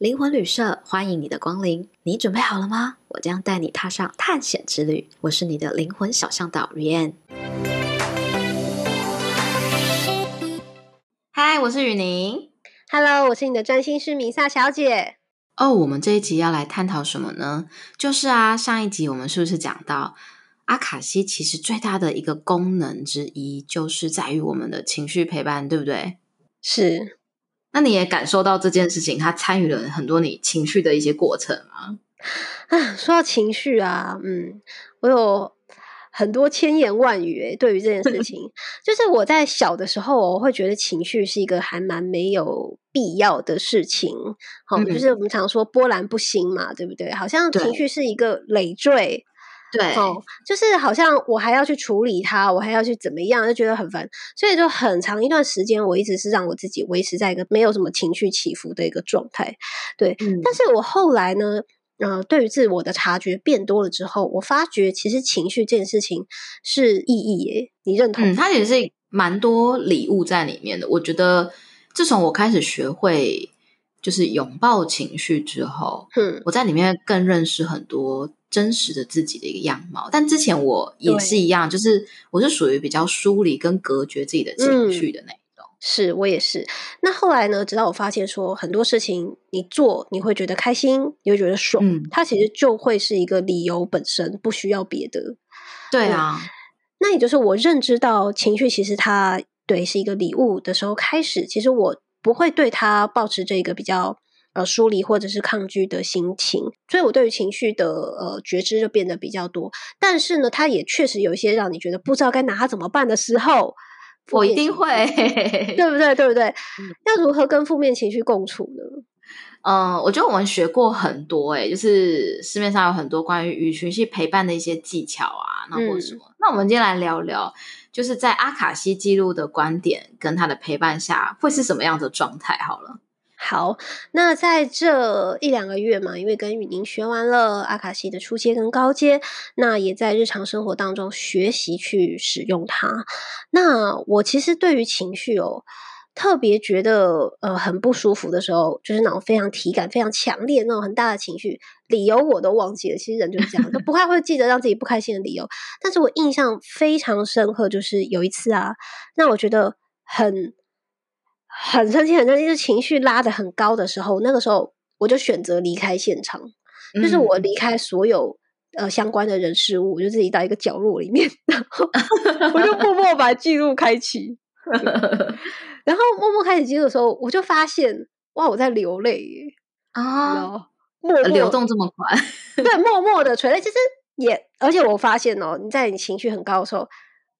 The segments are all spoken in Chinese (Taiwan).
靈魂旅社歡迎你的光臨，你準備好了嗎？我將帶你踏上探險之旅。我是你的靈魂小向導 Ryan。嗨，Hi, 我是雨寧。Hello，我是你的占星師米薩小姐。哦，oh, 我們這一集要來探討什麼呢？就是啊，上一集我們是不是講到阿卡西其實最大的一個功能之一就是在於我們的情緒陪伴，對不對？是。那你也感受到這件事情，他參與了很多你情緒的一些過程啊！啊，說到情緒啊，嗯，我有很多千言萬語、欸。對於這件事情， 就是我在小的時候、哦，我會覺得情緒是一個還蠻沒有必要的事情。好、哦，嗯、就是我們常說波瀾不興嘛，對不對？好像情緒是一個累贅。對，對、哦，就是好像我還要去處理它，我還要去怎麼樣，就覺得很煩。所以，就很長一段時間，我一直是讓我自己維持在一個沒有什麼情緒起伏的一個狀態。對，嗯、但是我後來呢，嗯、呃、對於自我的察覺變多了之後，我發覺其實情緒這件事情是意義耶。你認同、嗯？他也是蠻多禮物在裡面的。我覺得，自從我開始學會就是擁抱情緒之後，嗯、我在裡面更認識很多真實的自己的一個樣貌，但之前我也是一樣，對就是我是屬於比較疏離跟隔絕自己的情緒的那一種。嗯、是我也是。那後來呢？直到我發現說，很多事情你做，你會覺得開心，你會覺得爽，嗯、它其實就會是一個理由本身，不需要別的。對啊、嗯。那也就是我認知到情緒其實它對是一個禮物的時候開始，其實我不會對它抱持這個比較。呃，疏離或者是抗拒的心情，所以我對於情緒的呃覺知就變得比較多。但是呢，它也確實有一些讓你覺得不知道該拿它怎麼辦的時候，我，我一定會，對不對？對不對？嗯、要如何跟負面情緒共處呢？嗯，我覺得我們學過很多、欸，哎，就是市面上有很多關於與情緒陪伴的一些技巧啊，那或什麼。嗯、那我們今天來聊聊，就是在阿卡西記錄的觀點跟他的陪伴下，會是什麼樣的狀態？好了。好，那在這一兩個月嘛，因為跟雨寧學完了阿卡西的初階跟高階，那也在日常生活當中學習去使用它。那我其實對於情緒哦，特別覺得呃很不舒服的時候，就是那種非常體感、非常強烈那種很大的情緒，理由我都忘記了。其實人就是這樣， 都不太會記得讓自己不開心的理由。但是我印象非常深刻，就是有一次啊，那我覺得很。很生氣，很生氣，就是、情緒拉得很高的時候，那個時候我就選擇離開現場，嗯、就是我離開所有呃相關的人事物，我就自己到一個角落裡面，然後我就默默把記錄開啟， 然後默默開始記錄的時候，我就發現哇，我在流淚耶啊，默默流動這麼快， 對，默默的垂淚，其實也而且我發現哦、喔，你在你情緒很高的時候，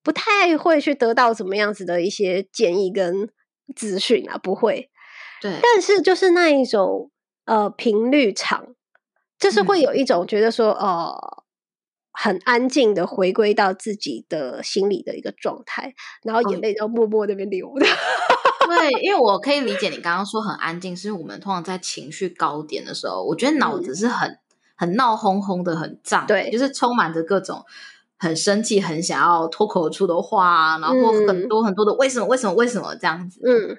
不太會去得到什麼樣子的一些建議跟。資訊啊，不會，對，但是就是那一種呃頻率長，就是會有一種覺得說，哦、嗯呃，很安靜的回歸到自己的心裡的一個狀態，然後眼淚就默默那邊流的。哦、 對，因為我可以理解你剛剛說很安靜，是我們通常在情緒高點的時候，我覺得腦子是很、嗯、很鬧哄哄的，很髒，對，就是充滿着各種。很生氣，很想要脫口而出的話、啊，然後很多很多的、嗯、為什麼為什麼為什麼這樣子？嗯，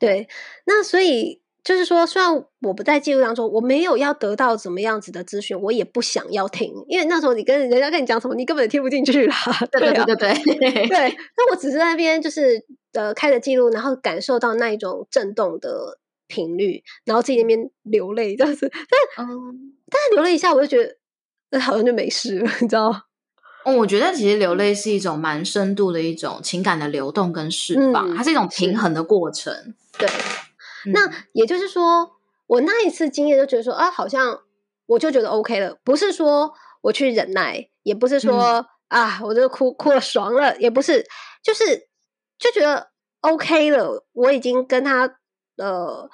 對。那所以就是說，雖然我不在記錄當中，我沒有要得到怎麼樣子的資訊，我也不想要聽，因為那時候你跟人家跟你講什麼，你根本聽不進去啦。對、啊、對、啊、對對 對。那我只是在那邊就是呃開着記錄，然後感受到那一種震動的頻率，然後自己在那邊流淚這樣子。但、um, 但是流淚一下，我就覺得那好像就沒事了，你知道。哦、嗯，我覺得其實流淚是一種蠻深度的一種情感的流動跟釋放，嗯、它是一種平衡的過程。對，嗯、那也就是說，我那一次經驗就覺得說啊，好像我就覺得 OK 了，不是說我去忍耐，也不是說、嗯、啊，我就哭哭了爽了，也不是，就是就覺得 OK 了，我已經跟他呃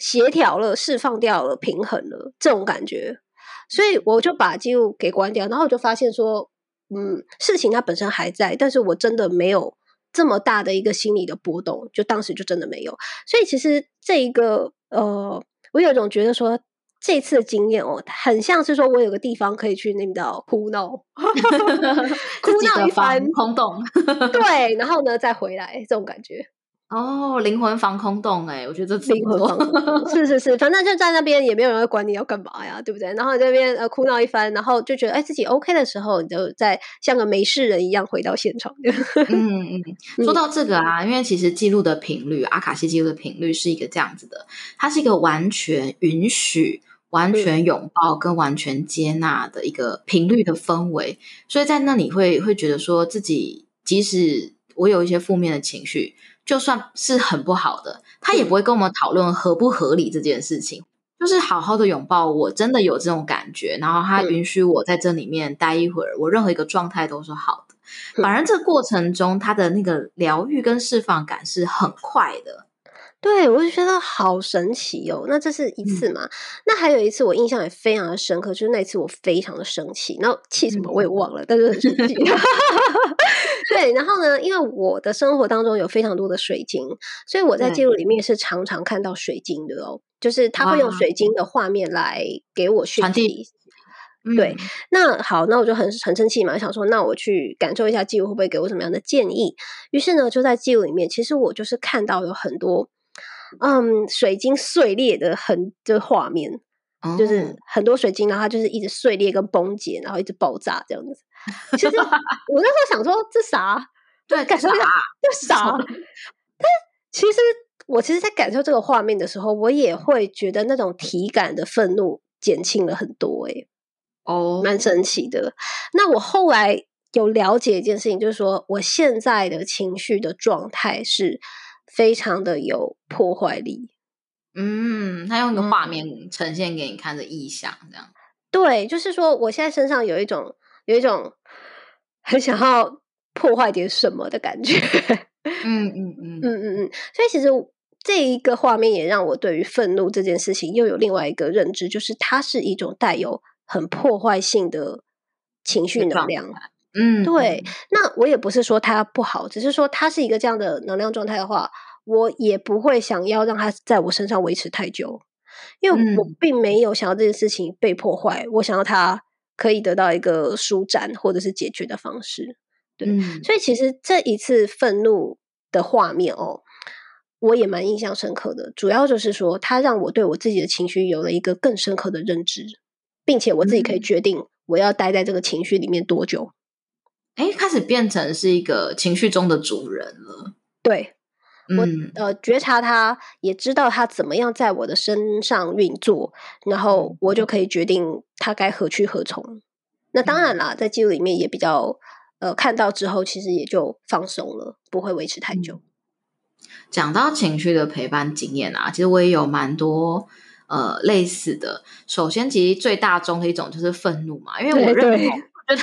協調了，釋放掉了，平衡了這種感覺，所以我就把記錄給關掉，然後我就發現說。嗯，事情它本身還在，但是我真的沒有這麼大的一個心理的波動，就當時就真的沒有。所以其實這一個呃，我有一種覺得說，這次的經驗哦，很像是說我有個地方可以去那邊哭鬧， 哭鬧一番，空洞， 轟動 對，然後呢再回來這種感覺。哦，靈魂欸、靈魂防空洞哎，我覺得這靈魂防空洞，是是是，反正就在那邊，也沒有人會管你要幹嘛呀，對不對？然後在那邊呃哭鬧一番，然後就覺得哎自己 OK 的時候，你就再像個沒事人一樣回到現場。嗯嗯嗯。說到這個啊，因為其實記錄的頻率，阿卡西記錄的頻率是一個這樣子的，它是一個完全允許、完全擁抱跟完全接納的一個頻率的氛圍，所以在那裡會會覺得說自己即使我有一些負面的情緒。就算是很不好的，他也不會跟我們討論合不合理這件事情。嗯、就是好好的擁抱我，真的有這種感覺，然後他允許我在這裡面待一會兒，嗯、我任何一個狀態都是好的。反正這個過程中，他的那個療癒跟釋放感是很快的。對，我就覺得好神奇哦。那這是一次嘛？嗯、那還有一次，我印象也非常的深刻，就是那一次我非常的生氣，那氣什麼我也忘了，嗯、但、就是 對，然後呢，因為我的生活當中有非常多的水晶，所以我在記錄裡面是常常看到水晶的哦，就是他會用水晶的畫面來給我傳遞。嗯、對，那好，那我就很很生氣嘛，想說那我去感受一下記錄會不會給我什麼樣的建議。於是呢，就在記錄裡面，其實我就是看到有很多嗯水晶碎裂的很的、就是、畫面。就是很多水晶，然後它就是一直碎裂跟崩解，然後一直爆炸這樣子。其實我那時候想說 這啥傻？對，感受啥？這啥傻？這傻但其實我其實，在感受這個畫面的時候，我也會覺得那種體感的憤怒減輕了很多欸。誒哦，蠻神奇的。那我後來有了解一件事情，就是說我現在的情緒的狀態是非常的有破壞力。嗯，他用一個畫面呈現給你看的意象，這樣、嗯、對，就是說我現在身上有一種有一種很想要破壞點什麼的感覺，嗯嗯嗯嗯嗯嗯，所以其實這一個畫面也讓我對於憤怒這件事情又有另外一個認知，就是它是一種帶有很破壞性的情緒能量，嗯，嗯對。那我也不是說它不好，只是說它是一個這樣的能量狀態的話。我也不會想要讓他在我身上維持太久，因為我並沒有想要這件事情被破壞，嗯、我想要他可以得到一個舒展或者是解決的方式。對，嗯、所以其實這一次憤怒的畫面哦，我也蠻印象深刻的，主要就是說，他讓我對我自己的情緒有了一個更深刻的認知，並且我自己可以決定我要待在這個情緒裡面多久。哎，開始變成是一個情緒中的主人了。對。我呃，覺察他，也知道他怎麼樣在我的身上運作，然後我就可以決定他該何去何從。那當然啦，在記錄裡面也比較呃，看到之後，其實也就放鬆了，不會維持太久。嗯。講到情緒的陪伴經驗啊，其實我也有蠻多呃，類似的。首先，其實最大宗的一種就是憤怒嘛，因為我認為對對。 覺得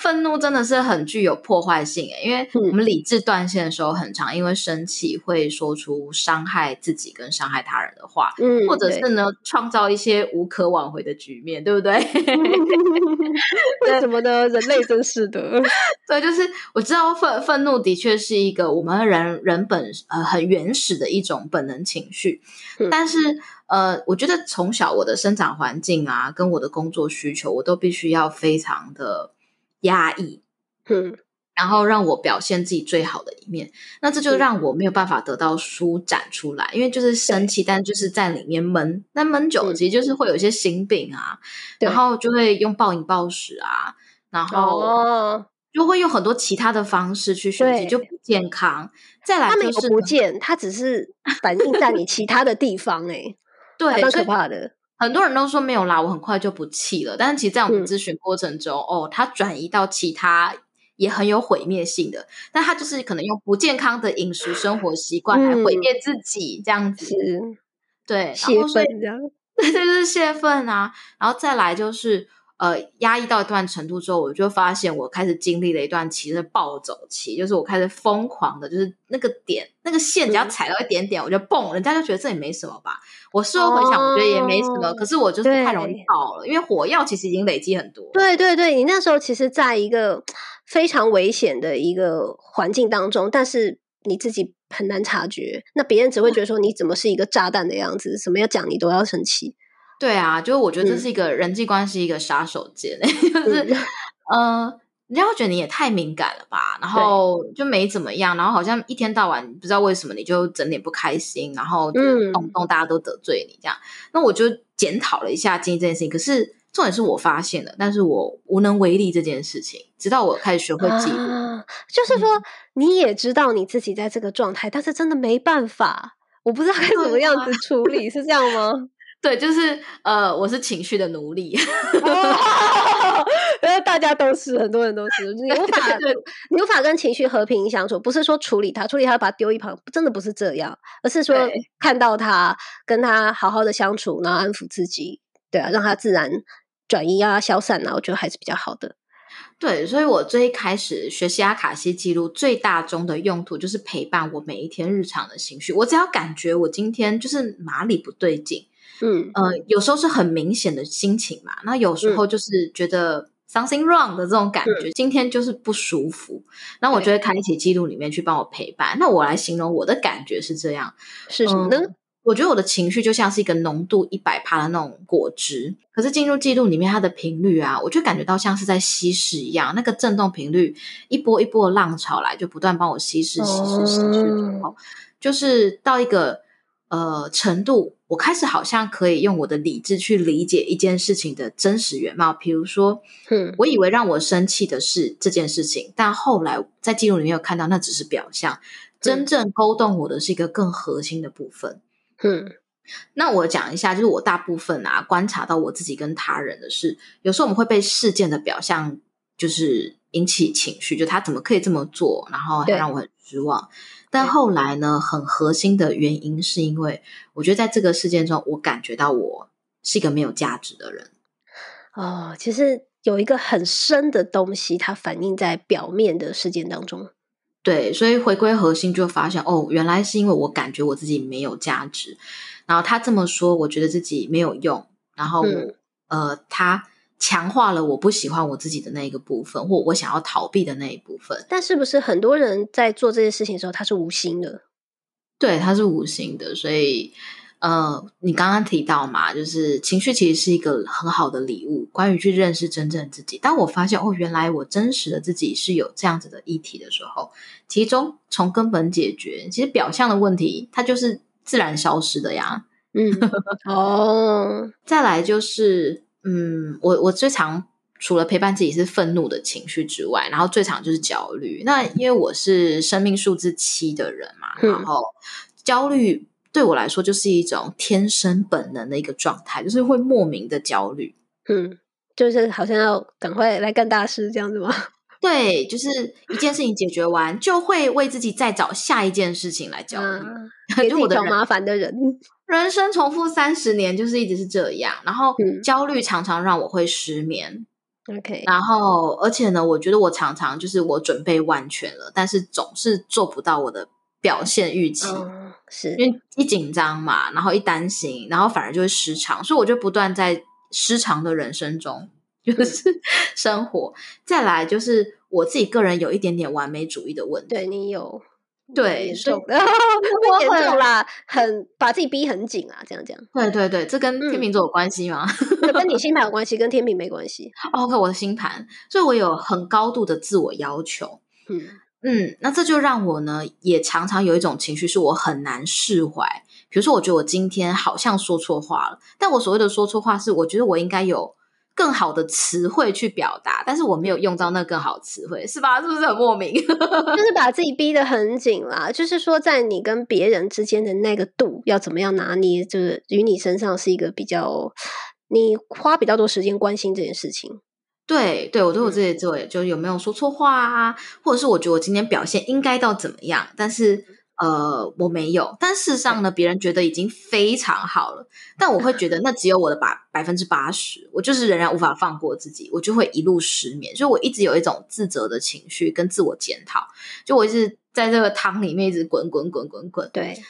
憤怒真的是很具有破壞性誒、欸，因為我們理智斷線的時候很常因為生氣會說出傷害自己跟傷害他人的話，嗯，或者是呢，創造一些無可挽回的局面，對不對？嗯、對 為什麼呢？人類真是的。 對，就是我知道憤憤怒的確是一個我們人人本呃很原始的一種本能情緒，嗯、但是呃，我覺得從小我的生長環境啊，跟我的工作需求，我都必須要非常的壓抑，嗯，然後讓我表現自己最好的一面，那這就讓我沒有辦法得到舒展出來，嗯、因為就是生氣，嗯、但就是在裡面悶，那悶久其實就是會有一些心病啊，嗯、然後就會用暴飲暴食啊，對然後。哦就會用很多其他的方式去宣洩，對就不健康。再來就是，他沒不見，他只是反映在你其他的地方、欸。誒對，很可怕的。很多人都說沒有啦，我很快就不氣了。但是其實，在我們諮詢過程中，嗯、哦，他轉移到其他也很有毀滅性的。但他就是可能用不健康的飲食生活習慣來毀滅自己，這樣子。嗯、對，泄憤是，那就,、啊、 就是泄憤啊。然後再來就是。呃，壓抑到一段程度之後，我就發現我開始經歷了一段其實暴走期，就是我開始瘋狂的，就是那個點，那個線只要踩到一點點，嗯、我就蹦。人家就覺得這也沒什麼吧，我事後回想，哦，我覺得也沒什麼。可是我就是太容易爆了，對因為火藥其實已經累積很多。對對對，你那時候其實在一個非常危險的一個環境當中，但是你自己很難察覺，那別人只會覺得說你怎麼是一個炸彈的樣子，什麼要講你都要生氣。對啊，就是我覺得這是一個人際關係一個殺手鐧，嗯、 就是嗯，人家覺得你也太敏感了吧，對然後就沒怎麼樣，然後好像一天到晚不知道為什麼你就整點不開心，然後就動不動大家都得罪你這樣。嗯、那我就檢討了一下這件事情，可是重點是我發現了，但是我無能為力這件事情，直到我開始學會記錄。啊、就是說、嗯、你也知道你自己在這個狀態，但是真的沒辦法，我不知道該怎麼樣子處理，啊、是這樣嗎？ 對，就是呃，我是情緒的奴隸，因為、哦、 大家都是，很多人都 是你無法你無 法跟情緒和平相處，不是說處理它，處理它把它丟一旁，真的不是這樣，而是說對看到它，跟它好好的相處，然後安撫自己，對啊，讓它自然轉移啊，消散啊，我覺得還是比較好的。對，所以我最開始學習阿卡西記錄最大宗的用途，就是陪伴我每一天日常的情緒。我只要感覺我今天就是哪裡不對勁。嗯呃，有時候是很明顯的心情嘛，那有時候就是覺得 something wrong 的這種感覺，嗯、今天就是不舒服。對那我就會開啟記錄裡面去幫我陪伴，那我來形容我的感覺是這樣，是什麼呢？嗯、我覺得我的情緒就像是一個濃度一百趴的那種果汁，可是進入記錄裡面，它的頻率啊，我就感覺到像是在稀釋一樣，那個震動頻率一波一波的浪潮來，就不斷幫我稀釋、稀釋、稀釋之後，然後、嗯、就是到一個呃程度。我開始好像可以用我的理智去理解一件事情的真實原貌，比如說，嗯，我以為讓我生氣的是這件事情，但後來在記錄裡面有看到，那只是表象，真正勾動我的是一個更核心的部分。嗯，那我講一下，就是我大部分啊觀察到我自己跟他人的事，有時候我們會被事件的表象就是。引起情緒，就他怎麼可以這麼做，然後還讓我很失望。對但後來呢，很核心的原因是因為，我覺得在這個事件中，我感覺到我是一個沒有價值的人。哦，其實有一個很深的東西，它反映在表面的事件當中。對，所以回歸核心，就發現哦，原來是因為我感覺我自己沒有價值，然後他這麼說，我覺得自己沒有用，然後我、嗯、呃他。強化了我不喜歡我自己的那個部分，或我想要逃避的那一部分。但是不是很多人在做這些事情的時候，他是無心的？對，他是無心的。所以，呃，你剛剛提到嘛，就是情緒其實是一個很好的禮物，關於去認識真正自己。當我發現哦，原來我真實的自己是有這樣子的議題的時候，其中從根本解決，其實表象的問題它就是自然消失的呀。嗯， 哦，再來就是。嗯，我我最常除了陪伴自己是憤怒的情緒之外，然後最常就是焦慮。那因為我是生命數字七的人嘛，嗯、然後焦慮對我來說就是一種天生本能的一個狀態，就是會莫名的焦慮。嗯，就是好像要趕快來幹大事這樣子嗎？對，就是一件事情解決完，就會為自己再找下一件事情來焦慮，嗯、給自己找麻煩的人。人生重複三十年，就是一直是這樣。然後焦慮常常讓我會失眠。嗯、OK，然後而且呢，我覺得我常常就是我準備萬全了，但是總是做不到我的表現預期，嗯嗯、是，因為一緊張嘛，然後一擔心，然後反而就會失常。所以我就不斷在失常的人生中就是生活。嗯、再來就是我自己個人有一點點完美主義的問題。對，你有。對，很對 啦，我很，很把自己逼很緊啊，這樣這樣。對對對，這跟天秤座有關係嗎？嗯、 跟你星盤有關係，跟天秤沒關係。OK，我的星盤，所以我有很高度的自我要求。嗯嗯，那這就讓我呢，也常常有一種情緒，是我很難釋懷。比如說，我覺得我今天好像說錯話了，但我所謂的說錯話，是我覺得我應該有。更好的詞彙去表達，但是我沒有用到那個更好的詞彙，是吧？是不是很莫名？ 就是把自己逼得很緊啦。就是說，在你跟別人之間的那個度要怎麼樣拿捏，就是於你身上是一個比較，你花比較多時間關心這件事情。對，對我對我自己做，就有沒有說錯話啊？嗯、或者是我覺得我今天表現應該到怎麼樣？但是。呃，我沒有，但事實上呢，對別人覺得已經非常好了，但我會覺得那只有我的百分之八十， 我就是仍然無法放過自己，我就會一路失眠，所以我一直有一種自責的情緒跟自我檢討，就我一直在這個湯裡面一直滾滾滾滾滾滾，對。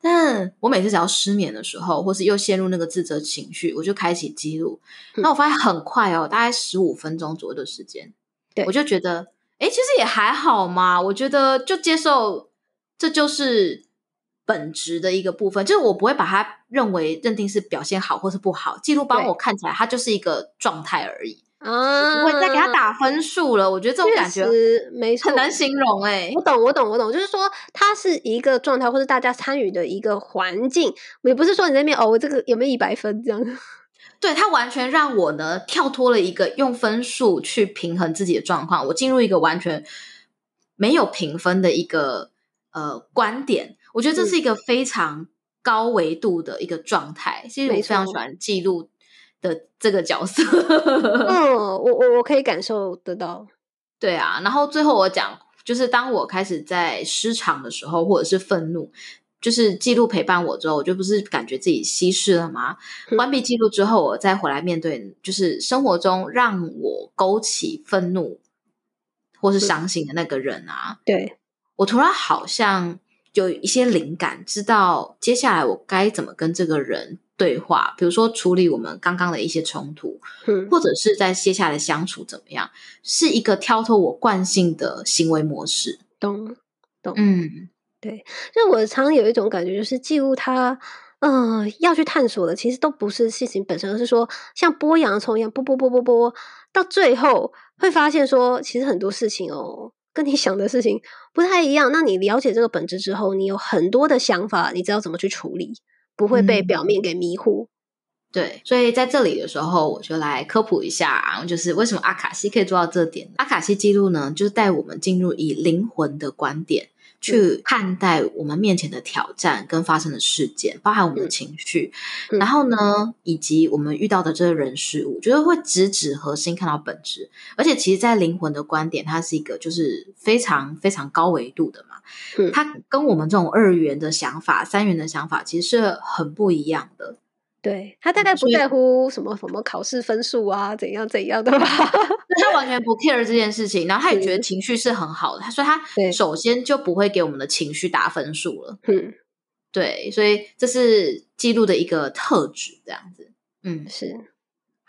但我每次只要失眠的時候，或是又陷入那個自責情緒，我就開啟記錄，嗯，那我發現很快哦，大概十五分鐘左右的時間，對，我就覺得，哎，其實也還好嘛，我覺得就接受。這就是本質的一個部分，就是我不會把它認為認定是表現好或是不好。記錄幫我看起來，它就是一個狀態而已啊，不會再給他打分數了。我覺得這種感覺，沒錯，很難形容哎、欸。我懂，我懂，我懂，就是說它是一個狀態，或是大家參與的一個環境，我也不是說你在那邊哦，我這個有沒有一百分這樣？對，它完全讓我呢跳脫了一個用分數去平衡自己的狀況，我進入一個完全沒有評分的一個，呃，觀點，我覺得這是一個非常高維度的一個狀態。嗯、其實我非常喜歡記錄的這個角色。沒錯。 嗯，我我我可以感受得到。對啊，然後最後我講，就是當我開始在失常的時候，或者是憤怒，就是記錄陪伴我之後，我就不是感覺自己稀釋了嗎？嗯、關閉記錄之後，我再回來面對，就是生活中讓我勾起憤怒或是傷心的那個人啊，嗯、對。我突然好像有一些靈感，知道接下來我該怎麼跟這個人對話，比如說處理我們剛剛的一些衝突，嗯、或者是在接下來的相處怎麼樣，是一個跳脫我慣性的行為模式。懂，懂，嗯，對。就我常有一種感覺，就是記錄他，嗯、呃，要去探索的，其實都不是事情本身，而是說像剝洋蔥一樣，剝剝剝剝剝，到最後會發現說，其實很多事情哦、喔。跟你想的事情不太一樣。那你了解這個本質之後，你有很多的想法，你知道怎麼去處理，不會被表面給迷惑。嗯。對，所以在這裡的時候，我就來科普一下啊，就是為什麼阿卡西可以做到這點？阿卡西記錄呢，就是帶我們進入以靈魂的觀點。去看待我們面前的挑戰跟發生的事件，包含我們的情緒，嗯嗯、然後呢，以及我們遇到的這個人事物，我覺得會直指、指核心，看到本質。而且，其實，在靈魂的觀點，它是一個就是非常非常高維度的嘛，嗯、它跟我們這種二元的想法、三元的想法，其實是很不一樣的。對，他大概不在乎什麼什麼考試分數啊、嗯、怎樣怎樣的吧，嗯、 他完全不 care 這件事情，然後他也覺得情緒是很好的，所以、嗯、他，他首先就不會給我們的情緒打分數了。嗯，對，所以這是紀錄的一個特質，這樣子，嗯，是。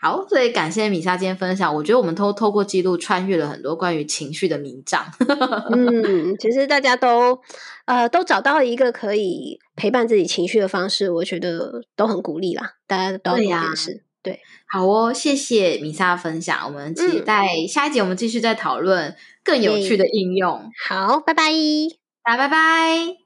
好，所以感謝米薩今天分享。我覺得我們都透過記錄，穿越了很多關於情緒的迷障。呵呵嗯，其實大家都呃都找到了一個可以陪伴自己情緒的方式，我覺得都很鼓勵啦。大家都有這件對，好哦，謝謝米薩分享。我們期待、嗯、下一集，我們繼續再討論更有趣的應用。Okay. 好，拜拜，拜拜拜。